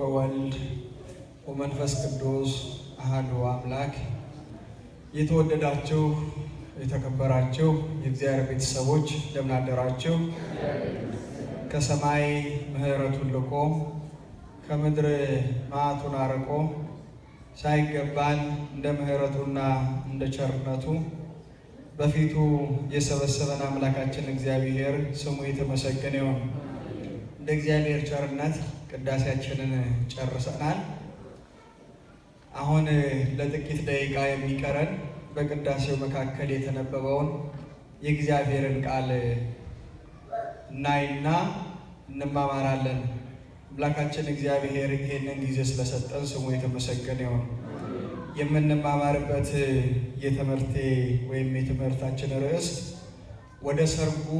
ወወልድ ወመንፈስ ቅዱስ አህዱ አምላክ። የተወደዳችሁ የተከበራችሁ የእግዚአብሔር ቤተሰቦች እንደምን አደራችሁ? ከሰማይ ምሕረቱን ልቆ ከምድር መዓቱን አርቆ ሳይገባን እንደ ምሕረቱና እንደ ቸርነቱ በፊቱ የሰበሰበን አምላካችን እግዚአብሔር ስሙ የተመሰገነ ይሁን። እንደ እግዚአብሔር ቸርነት ቅዳሴያችንን ጨርሰናል። አሁን ለጥቂት ደቂቃ የሚቀረን በቅዳሴው መካከል የተነበበውን የእግዚአብሔርን ቃል እናይና እንማማራለን። አምላካችን እግዚአብሔር ይህንን ጊዜ ስለሰጠን ስሙ የተመሰገነ ይሁን። የምንማማርበት የትምህርቴ ወይም የትምህርታችን ርዕስ ወደ ሰርጉ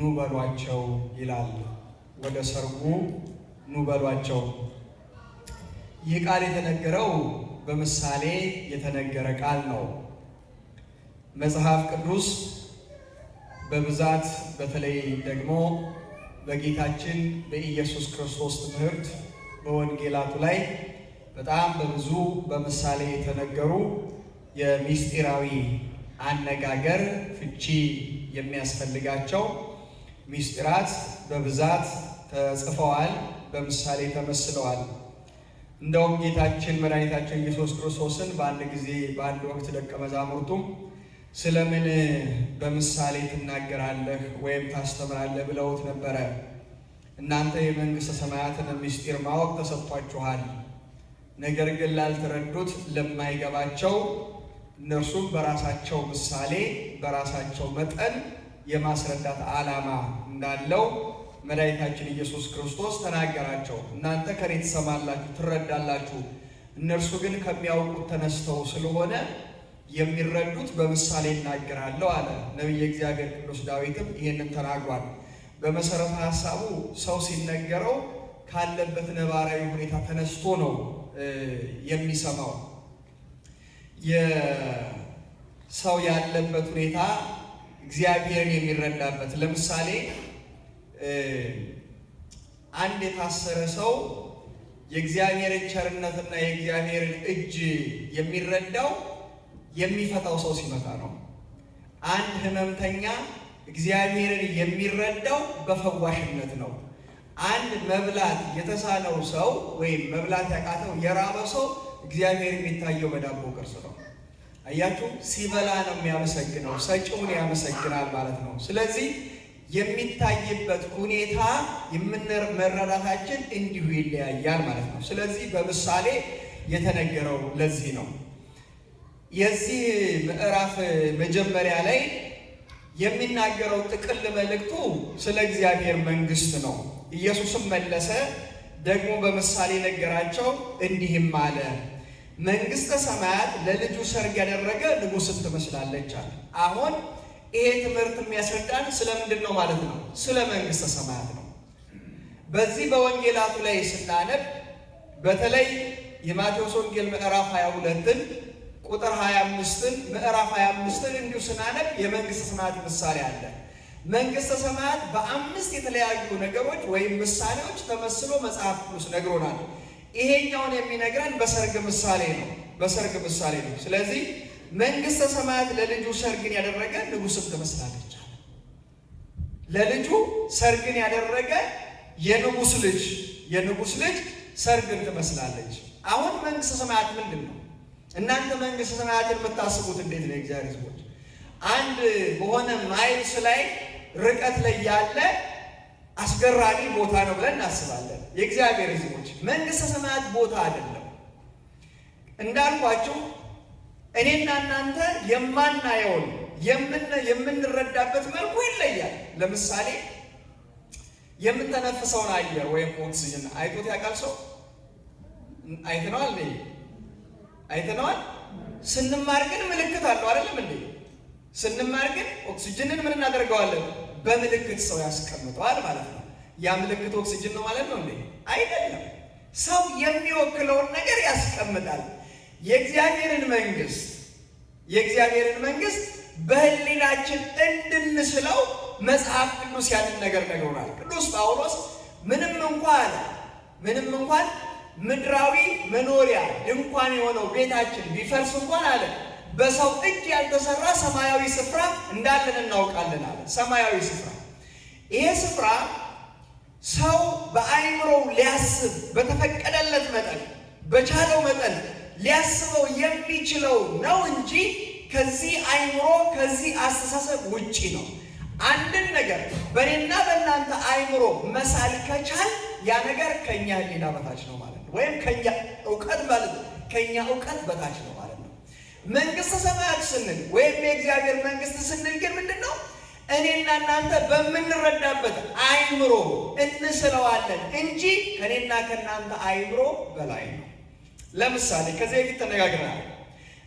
ኑ በሏቸው ይላል። ወደ ሰርጉ ኑ በሏቸው። ይህ ቃል የተነገረው በምሳሌ የተነገረ ቃል ነው። መጽሐፍ ቅዱስ በብዛት በተለይ ደግሞ በጌታችን በኢየሱስ ክርስቶስ ትምህርት በወንጌላቱ ላይ በጣም በብዙ በምሳሌ የተነገሩ የሚስጢራዊ አነጋገር ፍቺ የሚያስፈልጋቸው ሚስጢራት በብዛት ተጽፈዋል፣ በምሳሌ ተመስለዋል። እንደውም ጌታችን መድኃኒታችን ኢየሱስ ክርስቶስን በአንድ ጊዜ በአንድ ወቅት ደቀ መዛሙርቱም ስለምን በምሳሌ ትናገራለህ ወይም ታስተምራለህ ብለውት ነበረ። እናንተ የመንግሥተ ሰማያትን ምስጢር ማወቅ ተሰጥቷችኋል፣ ነገር ግን ላልተረዱት ለማይገባቸው እነርሱም በራሳቸው ምሳሌ በራሳቸው መጠን የማስረዳት ዓላማ እንዳለው መድኃኒታችን ኢየሱስ ክርስቶስ ተናገራቸው። እናንተ ከኔ ትሰማላችሁ፣ ትረዳላችሁ። እነርሱ ግን ከሚያውቁት ተነስተው ስለሆነ የሚረዱት በምሳሌ እናገራለሁ አለ። ነቢየ እግዚአብሔር ቅዱስ ዳዊትም ይህንን ተናግሯል። በመሰረተ ሀሳቡ ሰው ሲነገረው ካለበት ነባራዊ ሁኔታ ተነስቶ ነው የሚሰማው። የሰው ያለበት ሁኔታ እግዚአብሔርን የሚረዳበት ለምሳሌ አንድ የታሰረ ሰው የእግዚአብሔርን ቸርነትና የእግዚአብሔርን እጅ የሚረዳው የሚፈታው ሰው ሲመጣ ነው። አንድ ህመምተኛ እግዚአብሔርን የሚረዳው በፈዋሽነት ነው። አንድ መብላት የተሳነው ሰው ወይም መብላት ያቃተው የራበ ሰው እግዚአብሔር የሚታየው በዳቦ ቅርጽ ነው። አያችሁ፣ ሲበላ ነው የሚያመሰግነው፣ ሰጪውን ያመሰግናል ማለት ነው። ስለዚህ የሚታይበት ሁኔታ የምንመረዳታችን እንዲሁ ይለያያል ማለት ነው። ስለዚህ በምሳሌ የተነገረው ለዚህ ነው። የዚህ ምዕራፍ መጀመሪያ ላይ የሚናገረው ጥቅል መልእክቱ ስለ እግዚአብሔር መንግስት ነው። ኢየሱስም መለሰ ደግሞ በምሳሌ ነገራቸው እንዲህም አለ፣ መንግስተ ሰማያት ለልጁ ሰርግ ያደረገ ንጉሥን ትመስላለች አለ። አሁን ይሄ ትምህርት የሚያስረዳን ስለምንድን ነው ማለት ነው? ስለ መንግስተ ሰማያት ነው። በዚህ በወንጌላቱ ላይ ስናነብ በተለይ የማቴዎስ ወንጌል ምዕራፍ 22ን ቁጥር 25ን ምዕራፍ 25ን እንዲሁ ስናነብ የመንግስተ ሰማያት ምሳሌ አለ። መንግስተ ሰማያት በአምስት የተለያዩ ነገሮች ወይም ምሳሌዎች ተመስሎ መጽሐፍ ቅዱስ ነግሮናል። ይሄኛውን የሚነግረን በሰርግ ምሳሌ ነው። በሰርግ ምሳሌ ነው። ስለዚህ መንግስተ ሰማያት ለልጁ ሰርግን ያደረገ ንጉስም ትመስላለች። ለልጁ ሰርግን ያደረገ የንጉስ ልጅ የንጉስ ልጅ ሰርግን ትመስላለች። አሁን መንግስተ ሰማያት ምንድን ነው? እናንተ መንግስተ ሰማያትን የምታስቡት እንዴት ነው? የእግዚአብሔር ሕዝቦች አንድ በሆነ ማይልስ ላይ ርቀት ላይ ያለ አስገራሚ ቦታ ነው ብለን እናስባለን። የእግዚአብሔር ሕዝቦች መንግስተ ሰማያት ቦታ አይደለም እንዳልኳችሁ እኔና እናንተ የማናየውን የምንረዳበት መልኩ ይለያል። ለምሳሌ የምተነፍሰውን አየር ወይም ኦክሲጅን አይቶት ያውቃል ሰው? አይተነዋል አይተነዋል። ስንማር ግን ምልክት አለው አይደለም እንዴ? ስንማር ግን ኦክሲጅንን ምን እናደርገዋለን? በምልክት ሰው ያስቀምጠዋል ማለት ነው። ያ ምልክት ኦክሲጅን ነው ማለት ነው እንዴ? አይደለም። ሰው የሚወክለውን ነገር ያስቀምጣል። የእግዚአብሔርን መንግስት የእግዚአብሔርን መንግስት በህሊናችን እንድንስለው መጽሐፍ ቅዱስ ያንን ነገር ነግሮናል። ቅዱስ ጳውሎስ ምንም እንኳን ምንም እንኳን ምድራዊ መኖሪያ ድንኳን የሆነው ቤታችን ቢፈርስ እንኳን አለ በሰው እጅ ያልተሰራ ሰማያዊ ስፍራ እንዳለን እናውቃለን አለ። ሰማያዊ ስፍራ ይሄ ስፍራ ሰው በአይምሮው ሊያስብ በተፈቀደለት መጠን በቻለው መጠን ሊያስበው የሚችለው ነው እንጂ ከዚህ አይምሮ ከዚህ አስተሳሰብ ውጪ ነው። አንድን ነገር በእኔና በእናንተ አይምሮ መሳል ከቻል ያ ነገር ከኛ ሕሊና በታች ነው ማለት ነው፣ ወይም ከኛ እውቀት ማለት ነው፣ ከኛ እውቀት በታች ነው ማለት ነው። መንግስት ሰማያት ስንል ወይም የእግዚአብሔር መንግስት ስንል ግን ምንድን ነው? እኔና እናንተ በምንረዳበት አይምሮ እንስለዋለን እንጂ ከእኔና ከእናንተ አይምሮ በላይ ነው። ለምሳሌ ከዚህ በፊት ተነጋግረናል።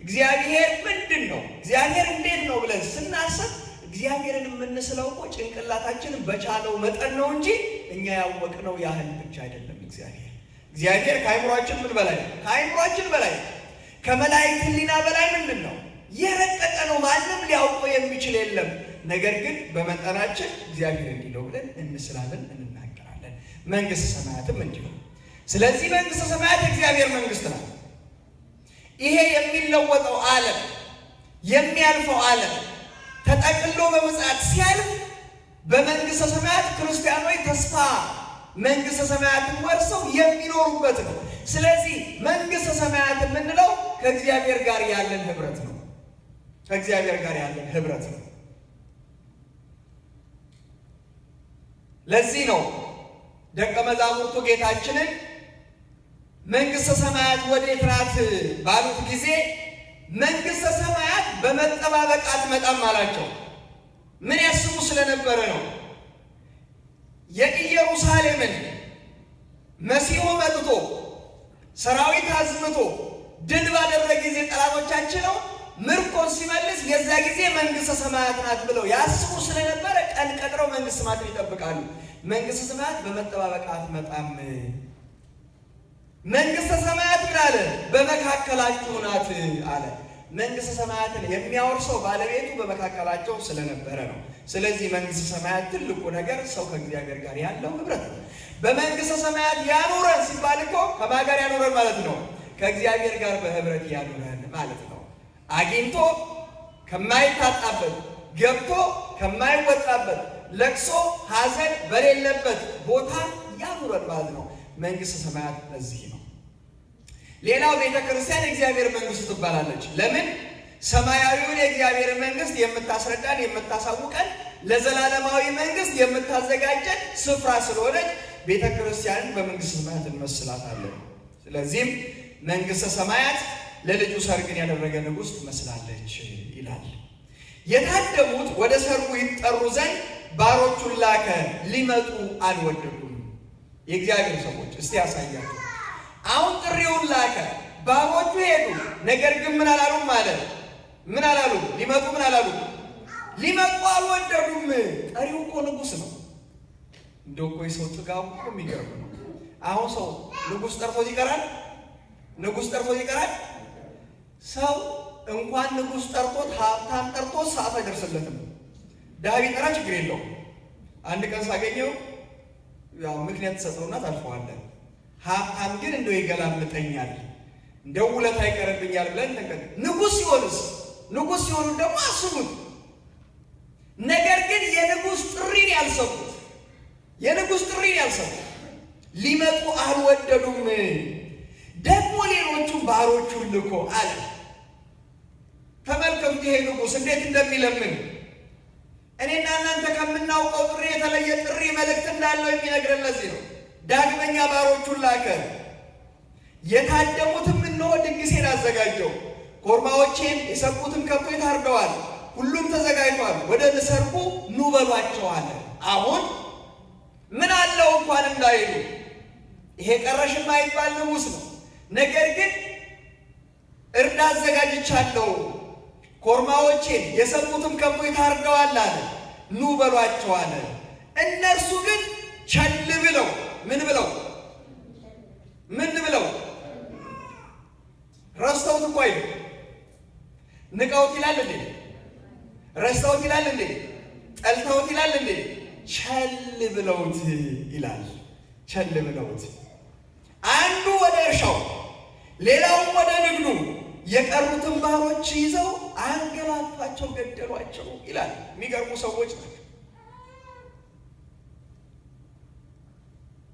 እግዚአብሔር ምንድን ነው? እግዚአብሔር እንዴት ነው ብለን ስናስብ እግዚአብሔርን የምንስለው እኮ ጭንቅላታችንን በቻለው መጠን ነው እንጂ እኛ ያወቅነው ያህል ብቻ አይደለም። እግዚአብሔር እግዚአብሔር ከአይምሯችን ምን በላይ ነው? ከአይምሯችን በላይ ከመላእክት ሕሊና በላይ ምንድን ነው? የረቀቀ ነው። ማንም ሊያውቀው የሚችል የለም። ነገር ግን በመጠናችን እግዚአብሔር እንዲህ ነው ብለን እንስላለን፣ እንናገራለን። መንግሥተ ሰማያትም እንዲሁ ስለዚህ መንግስተ ሰማያት የእግዚአብሔር መንግስት ነው። ይሄ የሚለወጠው ዓለም የሚያልፈው ዓለም ተጠቅሎ በምጽአት ሲያልፍ በመንግስተ ሰማያት ክርስቲያኖች ተስፋ መንግስተ ሰማያትን ወርሰው የሚኖሩበት ነው። ስለዚህ መንግስተ ሰማያት የምንለው ከእግዚአብሔር ጋር ያለን ህብረት ነው። ከእግዚአብሔር ጋር ያለን ህብረት ነው። ለዚህ ነው ደቀ መዛሙርቱ ጌታችንን መንግሥተ ሰማያት ወዴት ናት ባሉት ጊዜ መንግሥተ ሰማያት በመጠባበቅ አትመጣም አላቸው። ምን ያስቡ ስለነበረ ነው። የኢየሩሳሌምን መሲሁ መጥቶ ሰራዊት አዝምቶ ድል ባደረ ጊዜ ነው ምርኮን ሲመልስ የዛ ጊዜ መንግሥተ ሰማያት ናት ብለው ያስቡ ስለነበረ ቀን ቀጥረው መንግሥተ ሰማያትን ይጠብቃሉ። መንግሥተ ሰማያት በመጠባበቅ አትመጣም መንግሥተ ሰማያት ምን አለ? በመካከላችሁ ናት አለ። መንግሥተ ሰማያትን የሚያወርሰው ባለቤቱ በመካከላቸው ስለነበረ ነው። ስለዚህ መንግሥተ ሰማያት ትልቁ ነገር ሰው ከእግዚአብሔር ጋር ያለው ህብረት ነው። በመንግሥተ ሰማያት ያኑረን ሲባል እኮ ከማን ጋር ያኑረን ማለት ነው? ከእግዚአብሔር ጋር በህብረት ያኑረን ማለት ነው። አግኝቶ ከማይታጣበት ገብቶ ከማይወጣበት ለቅሶ ሐዘን በሌለበት ቦታ ያኑረን ማለት ነው። መንግሥተ ሰማያት እዚህ ነው። ሌላው ቤተ ክርስቲያን የእግዚአብሔር መንግስት ትባላለች። ለምን? ሰማያዊውን የእግዚአብሔር መንግስት የምታስረዳን የምታሳውቀን፣ ለዘላለማዊ መንግስት የምታዘጋጀን ስፍራ ስለሆነች ቤተ ክርስቲያንን በመንግስተ ሰማያት እንመስላታለን። ስለዚህም መንግስተ ሰማያት ለልጁ ሰርግን ያደረገ ንጉስ ትመስላለች ይላል። የታደሙት ወደ ሰርጉ ይጠሩ ዘንድ ባሮቹን ላከ፣ ሊመጡ አልወደዱም። የእግዚአብሔር ሰዎች እስቲ ያሳያቸው አሁን ጥሪውን ላከ። ባሮቹ ሄዱ። ነገር ግን ምን አላሉም ማለት ምን አላሉ? ሊመጡ ምን አላሉ? ሊመጡ አልወደዱም። ጠሪው እኮ ንጉስ ነው። እንደው እኮ የሰው ጥጋቡ እኮ የሚገርም ነው። አሁን ሰው ንጉስ ጠርፎት ይቀራል። ንጉስ ጠርፎት ይቀራል። ሰው እንኳን ንጉስ ጠርቶት ሀብታም ጠርቶት ሰዓት አይደርስለትም። ድሃ ጠራ ችግር የለው አንድ ቀን ሳገኘው ያው ምክንያት ተሰጠውና ታልፈዋለን ሀብታም ግን እንደው ይገላምጠኛል፣ እንደው ውለታ ይቀርብኛል ብለን ተንቀጥ ንጉሥ ሲሆንስ ንጉሥ ሲሆኑ ደግሞ አስቡት። ነገር ግን የንጉሥ ጥሪን ያልሰሙት የንጉሥ ጥሪን ያልሰሙት ሊመጡ አልወደዱም። ደግሞ ሌሎቹን ባሮቹን ልኮ አለ። ተመልከቱ ይሄ ንጉሥ እንዴት እንደሚለምን እኔና እናንተ ከምናውቀው ጥሪ የተለየ ጥሪ መልእክት እንዳለው የሚነግረን ለዚህ ነው። ዳግመኛ ባሮቹን ላከ። የታደሙትም እነሆ ድግሴን አዘጋጀው፣ ኮርማዎቼም የሰቁትም ከብቶች ታርደዋል፣ ሁሉም ተዘጋጅቷል፣ ወደ ሰርጉ ኑ በሏቸዋል። አሁን ምን አለው እንኳን እንዳይሉ ይሄ ቀረሽ ይባል ንጉሥ ነው። ነገር ግን እርዳ አዘጋጅቻለሁ፣ ኮርማዎቼን የሰቁትም ከብቶች ታርደዋል አለ፣ ኑ በሏቸዋል። እነርሱ ግን ቸል ብለው ምን ብለው ምን ብለው ረስተውት እኮ አይሉ ንቀውት ይላል እንዴ? ረስተውት ይላል እንዴ? ጠልተውት ይላል እንዴ? ቸል ብለውት ይላል። ቸል ብለውት አንዱ ወደ እርሻው ሌላውም ወደ ንግዱ የቀሩትን ባሮች ይዘው አንገላቷቸው፣ ገደሏቸው ይላል። የሚገርሙ ሰዎች ነው።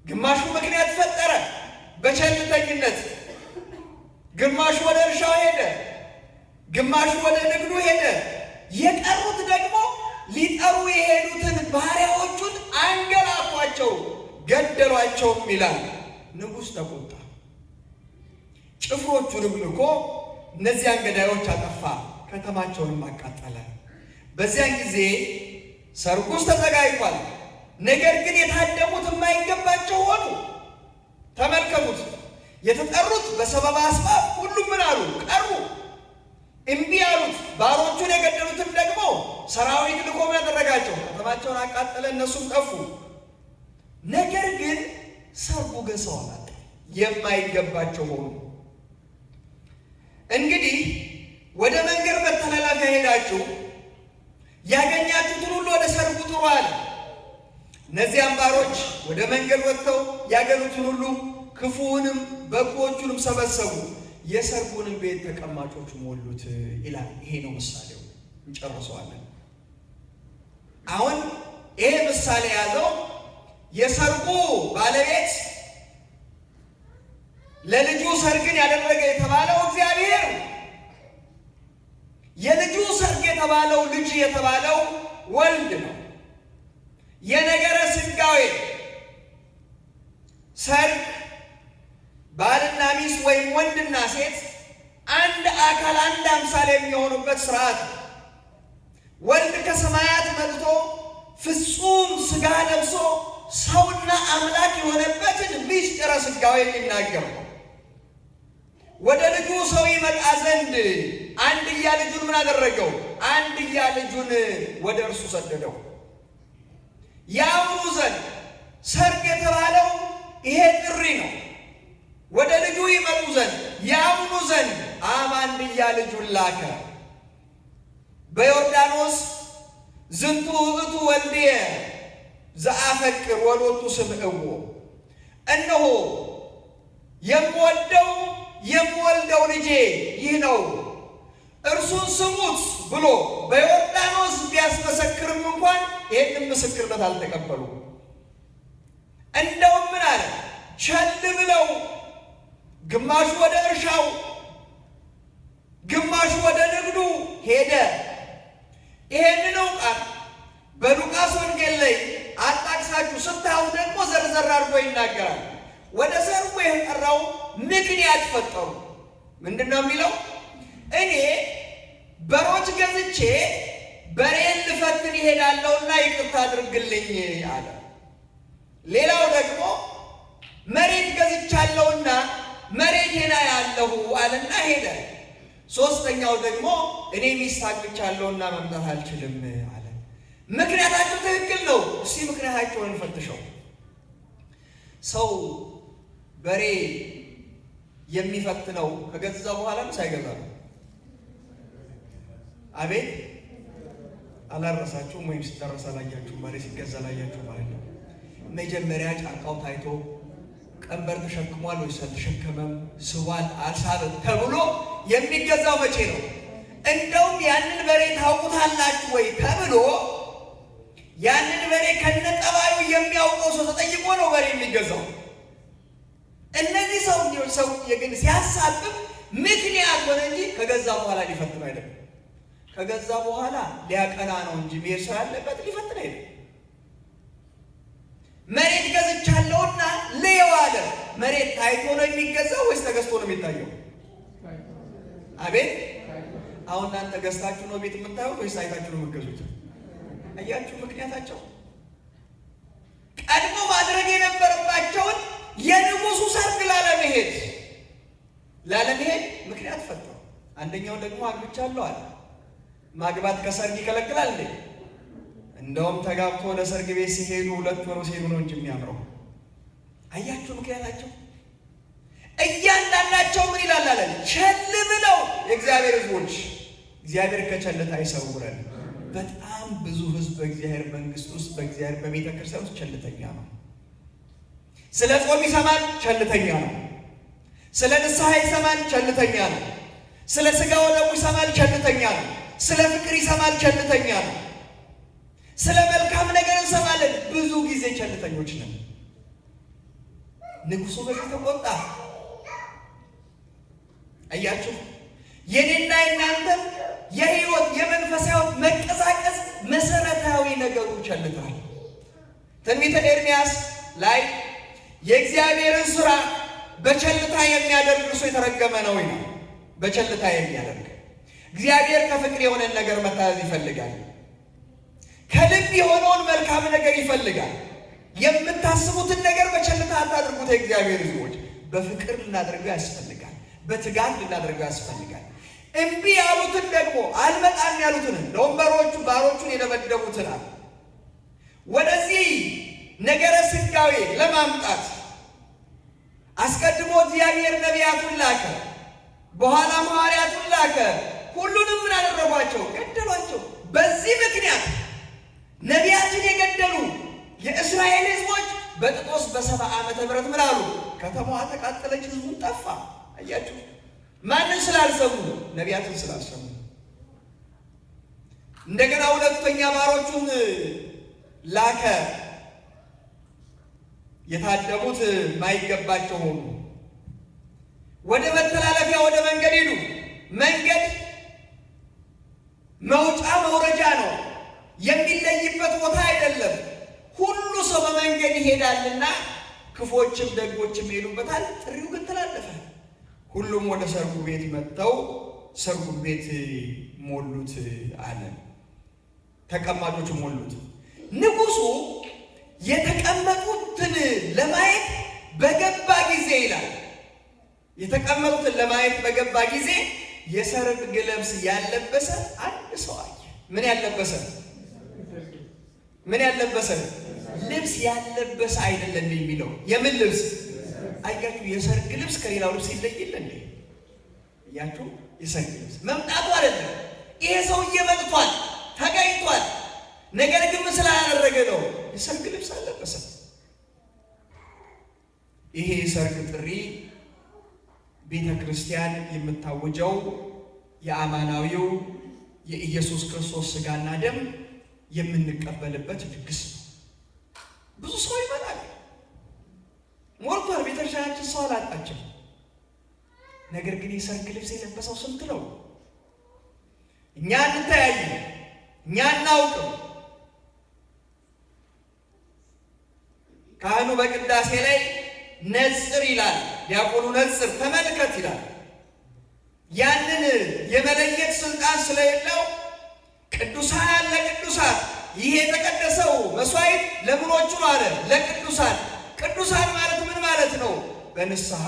ግማሹ ምክንያት ፈጠረ በቸልተኝነት፣ ግማሹ ወደ እርሻው ሄደ፣ ግማሹ ወደ ንግዱ ሄደ። የቀሩት ደግሞ ሊጠሩ የሄዱትን ባሪያዎቹን አንገላፏቸው፣ ገደሏቸውም ይላል። ንጉሥ ተቆጣ፣ ጭፍሮቹንም ልኮ እነዚያን ገዳዮች አጠፋ፣ ከተማቸውንም አቃጠለ። በዚያን ጊዜ ሰርጉስ ተዘጋጅቷል። ነገር ግን የታደሙት የማይገባቸው ሆኑ። ተመልከቱት። የተጠሩት በሰበብ አስባብ ሁሉም ምን አሉ? ቀሩ፣ እምቢ አሉት። ባሮቹን የገደሉትም ደግሞ ሰራዊት ልኮ ምን አደረጋቸው? ከተማቸውን አቃጠለ፣ እነሱም ጠፉ። ነገር ግን ሰርጉ ገሰው የማይገባቸው ሆኑ። እንግዲህ ወደ መንገድ መተላለፊያ ሄዳችሁ ያገኛችሁትን ሁሉ ወደ ሰርጉ ጥሩ አለ። እነዚህ አምባሮች ወደ መንገድ ወጥተው ያገኙትን ሁሉ ክፉውንም በጎዎቹንም ሰበሰቡ፣ የሰርጉንም ቤት ተቀማጮች ሞሉት ይላል። ይሄ ነው ምሳሌው። እንጨርሰዋለን። አሁን ይሄ ምሳሌ ያለው የሰርጉ ባለቤት ለልጁ ሰርግን ያደረገ የተባለው እግዚአብሔር የልጁ ሰርግ የተባለው ልጅ የተባለው ወልድ ነው። የነገረ ስጋዌ ሰርግ ባልና ሚስት ወይም ወንድና ሴት አንድ አካል አንድ አምሳል የሚሆኑበት ስርዓት ነው። ወልድ ከሰማያት መጥቶ ፍጹም ስጋ ለብሶ ሰውና አምላክ የሆነበትን ምስጢረ ስጋዌ የሚናገር ነው። ወደ ልጁ ሰው ይመጣ ዘንድ አንድያ ልጁን ምን አደረገው? አንድያ ልጁን ወደ እርሱ ሰደደው። ያውሩ ዘንድ ሰርግ የተባለው ይሄ ጥሪ ነው። ወደ ልጁ ይመጡ ዘንድ ያውሩ ዘንድ አብ ልጁን ላከ። በዮርዳኖስ ዝንቱ ውእቱ ወልድየ ዘአፈቅር ወሎቱ ስምዕዎ፣ እነሆ የምወደው የምወልደው ልጄ ይህ ነው እርሱን ስሙት ብሎ በዮርዳኖስ ቢያስመሰክርም እንኳን ይህን ምስክርነት አልተቀበሉ እንደውም ምን አለ ቸል ብለው ግማሹ ወደ እርሻው፣ ግማሹ ወደ ንግዱ ሄደ። ይሄንን ቃል በሉቃስ ወንጌል ላይ አጣቅሳችሁ ስታዩ ደግሞ ዘርዘር አድርጎ ይናገራል። ወደ ሰርጉ የጠራው ምክንያት ፈጠሩ። ምንድን ነው የሚለው? እኔ በሮች ገዝቼ በሬን ልፈትን ይሄዳለውና ይቅርታ አድርግልኝ አለ። ሌላው ደግሞ መሬት ገዝቻለሁና ሄና ያለሁ አለና ሄደ። ሶስተኛው ደግሞ እኔ ሚስት አግብቻለሁና መምጣት አልችልም አለ። ምክንያታቸው ትክክል ነው። እስቲ ምክንያታቸውን እንፈትሸው። ሰው በሬ የሚፈትነው ከገዛ በኋላም ሳይገዛ ነው። አቤት አላረሳችሁም ወይም ሲታረስ አላያችሁ ማለት ሲገዛ ላያችሁ ማለት ነው። መጀመሪያ ጫንቃው ታይቶ ቀንበር ተሸክሟል ወይስ አልተሸከመም፣ ስቧል አልሳበም ተብሎ የሚገዛው መቼ ነው? እንደውም ያንን በሬ ታውቁታላችሁ ወይ ተብሎ ያንን በሬ ከነጠባዩ የሚያውቀው ሰው ተጠይቆ ነው በሬ የሚገዛው። እነዚህ ሰው ሰው የግን ሲያሳብብ ምክንያት ሆነ እንጂ ከገዛ በኋላ ሊፈትም አይደለም። ከገዛ በኋላ ሊያቀና ነው እንጂ መሄድ ያለበት ሊፈትን አይደል። መሬት ገዝቻለሁና ልየው አለ። መሬት ታይቶ ነው የሚገዛው ወይስ ተገዝቶ ነው የሚታየው? አቤት አሁን እናንተ ገዝታችሁ ነው ቤት የምታዩት ወይስ ታይታችሁ ነው የምገዙት አያችሁ ምክንያታቸው። ቀድሞ ማድረግ የነበረባቸውን የንጉሱ ሰርግ ላለመሄድ ላለመሄድ ምክንያት ፈጥረው አንደኛው ደግሞ አግብቻለሁ አለ ማግባት ከሰርግ ይከለክላል እንደውም ተጋብቶ ወደ ሰርግ ቤት ሲሄዱ ሁለት ወሩ ሲሄዱ ነው እንጂ የሚያምረው። አያችሁ ምክንያታቸው። እያንዳንዳቸው ምን ይላል አለን? ቸል ብለው የእግዚአብሔር ህዝቦች እግዚአብሔር ከቸልታ አይሰውረን። በጣም ብዙ ህዝብ በእግዚአብሔር መንግስት ውስጥ በእግዚአብሔር በቤተ ክርስቲያን ውስጥ ቸልተኛ ነው። ስለ ጾም ይሰማል፣ ቸልተኛ ነው። ስለ ንስሐ ይሰማል፣ ቸልተኛ ነው። ስለ ስጋ ወደሙ ይሰማል፣ ቸልተኛ ነው። ስለ ፍቅር ይሰማል ቸልተኛ ነው። ስለ መልካም ነገር እንሰማለን። ብዙ ጊዜ ቸልተኞች ነን። ንጉሱ በዚህ ተቆጣ። አያችሁ፣ የኔና የናንተ የህይወት የመንፈስ ህይወት መቀሳቀስ መሰረታዊ ነገሩ ቸልታል። ትንቢተ ኤርሚያስ ላይ የእግዚአብሔርን ስራ በቸልታ የሚያደርግ እርሱ የተረገመ ነው። በቸልታ የሚያደርግ እግዚአብሔር ከፍቅር የሆነን ነገር መታዘዝ ይፈልጋል። ከልብ የሆነውን መልካም ነገር ይፈልጋል። የምታስቡትን ነገር በቸልታ አታድርጉት። የእግዚአብሔር ሕዝቦች በፍቅር ልናደርገው ያስፈልጋል። በትጋት ልናደርገው ያስፈልጋል። እምቢ ያሉትን ደግሞ አልመጣም ያሉትን ለወንበሮቹ ባሮቹን የደበደቡትን አሉ ወደዚህ ነገረ ስጋዌ ለማምጣት አስቀድሞ እግዚአብሔር ነቢያቱን ላከ፣ በኋላ ሐዋርያቱን ላከ። ሁሉንም ምን አደረጓቸው? ገደሏቸው። በዚህ ምክንያት ነቢያትን የገደሉ የእስራኤል ሕዝቦች በጥጦስ በሰባ ዓመተ ምህረት ምን አሉ? ከተማዋ ተቃጠለች፣ ህዝቡን ጠፋ። አያችሁ፣ ማንን ስላልሰሙ? ነቢያትን ስላልሰሙ። እንደገና ሁለተኛ ባሮቹን ላከ። የታደሙት ማይገባቸው ሆኑ። ወደ መተላለፊያ ወደ መንገድ ሄዱ። መንገድ መውጫ መውረጃ ነው፣ የሚለይበት ቦታ አይደለም። ሁሉ ሰው በመንገድ ይሄዳልና ክፎችም ደጎችም ይሄዱበታል። ጥሪው ግን ተላለፈ። ሁሉም ወደ ሰርጉ ቤት መጥተው ሰርጉ ቤት ሞሉት አለ። ተቀማጮች ሞሉት። ንጉሱ የተቀመጡትን ለማየት በገባ ጊዜ ይላል የተቀመጡትን ለማየት በገባ ጊዜ የሰርግ ልብስ ያለበሰ ሰው አየ። ምን ያለበሰ ምን ያለበሰ ልብስ ያለበሰ አይደለም የሚለው የምን ልብስ አያችሁ? የሰርግ ልብስ ከሌላው ልብስ ይለይል እንዴ? እያችሁ የሰርግ ልብስ መምጣቱ አይደለም። ይሄ ሰውዬ መጥቷል፣ ተገኝቷል። ነገር ግን ምስል ስላላደረገ ነው? የሰርግ ልብስ አለበሰ። ይሄ የሰርግ ጥሪ ቤተ ክርስቲያን የምታወጀው የአማናዊው የኢየሱስ ክርስቶስ ስጋና ደም የምንቀበልበት ድግስ ነው። ብዙ ሰው ይመጣል፣ ሞልቷል። ቤተክርስቲያናችን ሰው አላጣቸው። ነገር ግን የሰርግ ልብስ የለበሰው ስንት ነው? እኛ እንተያየ፣ እኛ እናውቅም። ካህኑ በቅዳሴ ላይ ነጽር ይላል፣ ዲያቆኑ ነጽር ተመልከት ይላል። ያንን የመለየት ስልጣን ስለሌለው ቅዱሳን ለቅዱሳን ይህ የተቀደሰው መስዋዕት ለምኖቹ ነው አለ። ለቅዱሳን ቅዱሳን ማለት ምን ማለት ነው? በንስሐ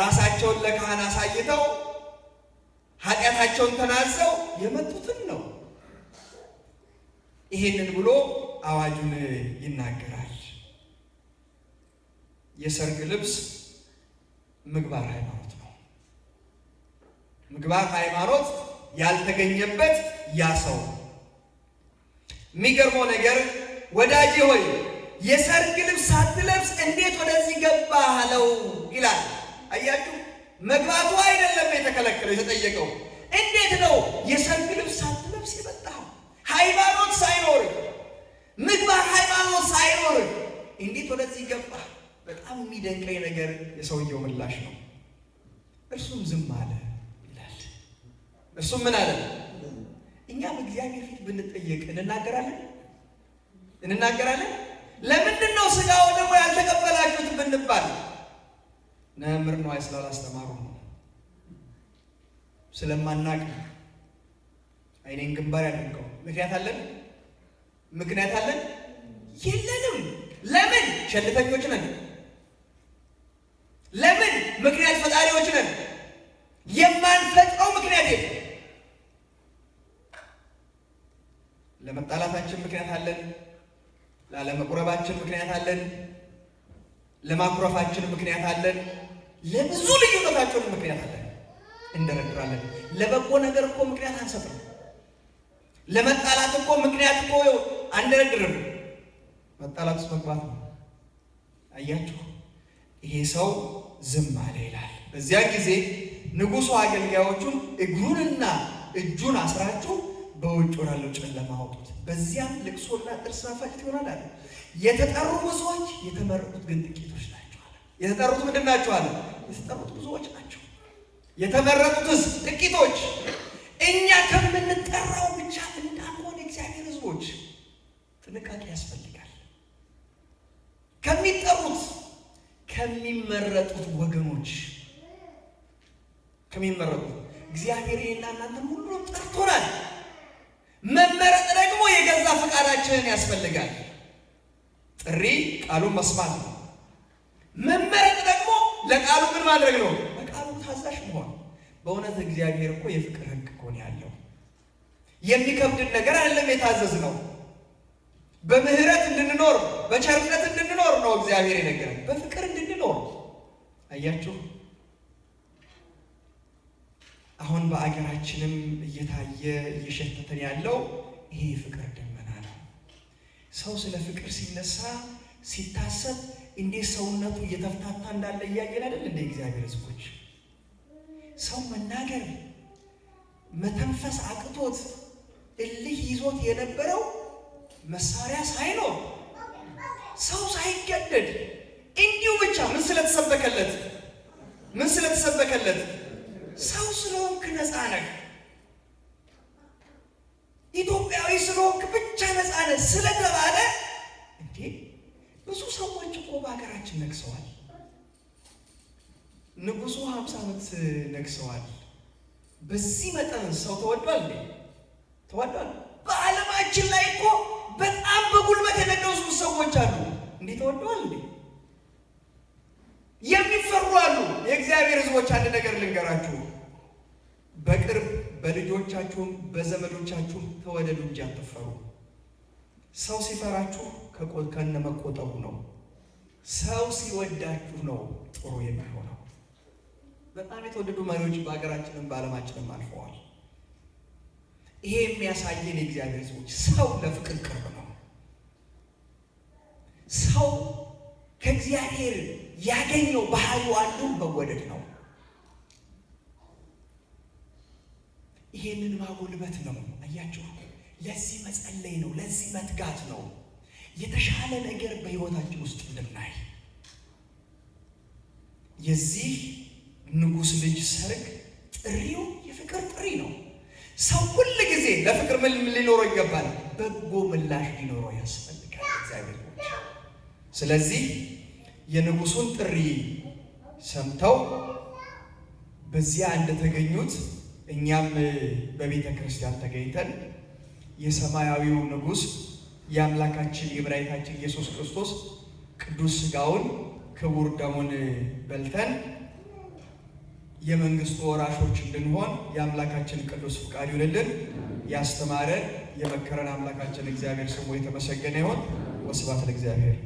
ራሳቸውን ለካህን አሳይተው ኃጢአታቸውን ተናዘው የመጡትን ነው። ይሄንን ብሎ አዋጁን ይናገራል። የሰርግ ልብስ ምግባር ሃይማኖት ነው። ምግባር ሃይማኖት ያልተገኘበት ያ ሰው። የሚገርመው ነገር ወዳጄ ሆይ የሰርግ ልብስ ሳትለብስ እንዴት ወደዚህ ገባ አለው ይላል። አያችሁ መግባቱ አይደለም የተከለከለው፣ የተጠየቀው እንዴት ነው የሰርግ ልብስ ሳትለብስ የመጣው? ሃይማኖት ሳይኖር ምግባር ሃይማኖት ሳይኖር እንዴት ወደዚህ ገባ? በጣም የሚደንቀኝ ነገር የሰውየው ምላሽ ነው። እርሱም ዝም አለ። እሱ ምን አለ? እኛም እግዚአብሔር ፊት ብንጠየቅ እንናገራለን እንናገራለን። ለምንድን ነው ስጋው ደግሞ ያልተቀበላችሁት ብንባል ነምር ነው ስላላስተማሩ ነው ስለማናቅ አይኔን ግንባር ያደርገው ምክንያት አለን ምክንያት አለን የለንም። ለምን ሸልተኞች ነን? ለምን ምክንያት ፈጣሪዎች ነን? የማንፈጥረው ምክንያት የለም። ለመጣላታችን ምክንያት አለን። ላለመቁረባችን ምክንያት አለን። ለማኩረፋችን ምክንያት አለን። ለብዙ ልዩነታቸውን ምክንያት አለን። እንደረድራለን። ለበጎ ነገር እኮ ምክንያት አንሰጥም። ለመጣላት እኮ ምክንያት እኮ አንደረድርም። መጣላት ውስጥ መግባት ነው። አያችሁ፣ ይሄ ሰው ዝም አለ ይላል። በዚያ ጊዜ ንጉሡ አገልጋዮቹን እግሩንና እጁን አስራችሁ በውጭ ወዳለው ጨለማ አወጡት። በዚያም ልቅሶና ጥርስ ማፋጨት ይሆናል አለ። የተጠሩ ብዙዎች የተመረጡት ግን ጥቂቶች ናቸው አለ። የተጠሩት ምንድን ናቸው አለ? የተጠሩት ብዙዎች ናቸው፣ የተመረጡትስ ጥቂቶች። እኛ ከምንጠራው ብቻ እንዳንሆን እግዚአብሔር ዝቦች ጥንቃቄ ያስፈልጋል። ከሚጠሩት ከሚመረጡት ወገኖች ከሚመረጡት እግዚአብሔር ይህና እናንተን ሁሉ ጠርቶናል። መመረጥ ደግሞ የገዛ ፈቃዳችንን ያስፈልጋል። ጥሪ ቃሉን መስማት ነው። መመረጥ ደግሞ ለቃሉ ምን ማድረግ ነው? ለቃሉ ታዛዥ መሆን። በእውነት እግዚአብሔር እኮ የፍቅር ሕግ እኮ ነው ያለው። የሚከብድን ነገር አይደለም። የታዘዝ ነው። በምህረት እንድንኖር በቸርነት እንድንኖር ነው እግዚአብሔር የነገረን። በፍቅር እንድንኖር አያችሁ። አሁን በአገራችንም እየታየ እየሸተተን ያለው ይሄ የፍቅር ደመና ነው። ሰው ስለ ፍቅር ሲነሳ ሲታሰብ እንዴት ሰውነቱ እየተፍታታ እንዳለ እያየን አይደል? እንደ እግዚአብሔር ሕዝቦች ሰው መናገር መተንፈስ አቅቶት እልህ ይዞት የነበረው መሳሪያ ሳይኖር ሰው ሳይገደድ እንዲሁ ብቻ ምን ስለተሰበከለት ምን ስለተሰበከለት ሰው ስለሆንክ ነፃ ነህ። ኢትዮጵያዊ ስለሆንክ ብቻ ነፃ ነህ ስለተባለ እንዴ ብዙ ሰዎች እኮ በሀገራችን ነግሰዋል። ንጉሱ ሀምሳ ዓመት ነግሰዋል። በዚህ መጠን ሰው ተወዷል ተወዷል። በዓለማችን ላይ እኮ በጣም በጉልበት የነገሱ ሰዎች አሉ። እንዴ ተወዷል እንዴ የሚፈሩ አሉ። የእግዚአብሔር ሕዝቦች አንድ ነገር ልንገራችሁ፣ በቅርብ በልጆቻችሁም በዘመዶቻችሁም ተወደዱ እንጂ አትፈሩ። ሰው ሲፈራችሁ መቆጠቡ ነው። ሰው ሲወዳችሁ ነው ጥሩ የሚሆነው። በጣም የተወደዱ መሪዎች በሀገራችንም በዓለማችንም አልፈዋል። ይሄ የሚያሳየን የእግዚአብሔር ሕዝቦች ሰው ለፍቅር ቅርብ ነው። ሰው ከእግዚአብሔር ያገኘው ባህሪው አንዱ መወደድ ነው። ይሄንን ማጎልበት ነው። አያችሁ፣ ለዚህ መጸለይ ነው፣ ለዚህ መትጋት ነው፣ የተሻለ ነገር በህይወታችን ውስጥ እንድናይ። የዚህ ንጉሥ ልጅ ሰርግ ጥሪው የፍቅር ጥሪ ነው። ሰው ሁል ጊዜ ለፍቅር ምን ሊኖረው ይገባል? በጎ ምላሽ ሊኖረው ያስፈልጋል። እግዚአብሔር ስለዚህ የንጉሱን ጥሪ ሰምተው በዚያ እንደተገኙት እኛም በቤተ ክርስቲያን ተገኝተን የሰማያዊው ንጉስ የአምላካችን የመድኃኒታችን ኢየሱስ ክርስቶስ ቅዱስ ስጋውን ክቡር ደሙን በልተን የመንግስቱ ወራሾች እንድንሆን የአምላካችን ቅዱስ ፍቃድ ይሁንልን። ያስተማረን የመከረን አምላካችን እግዚአብሔር ስሙ የተመሰገነ ይሁን። ወስብሐት ለእግዚአብሔር።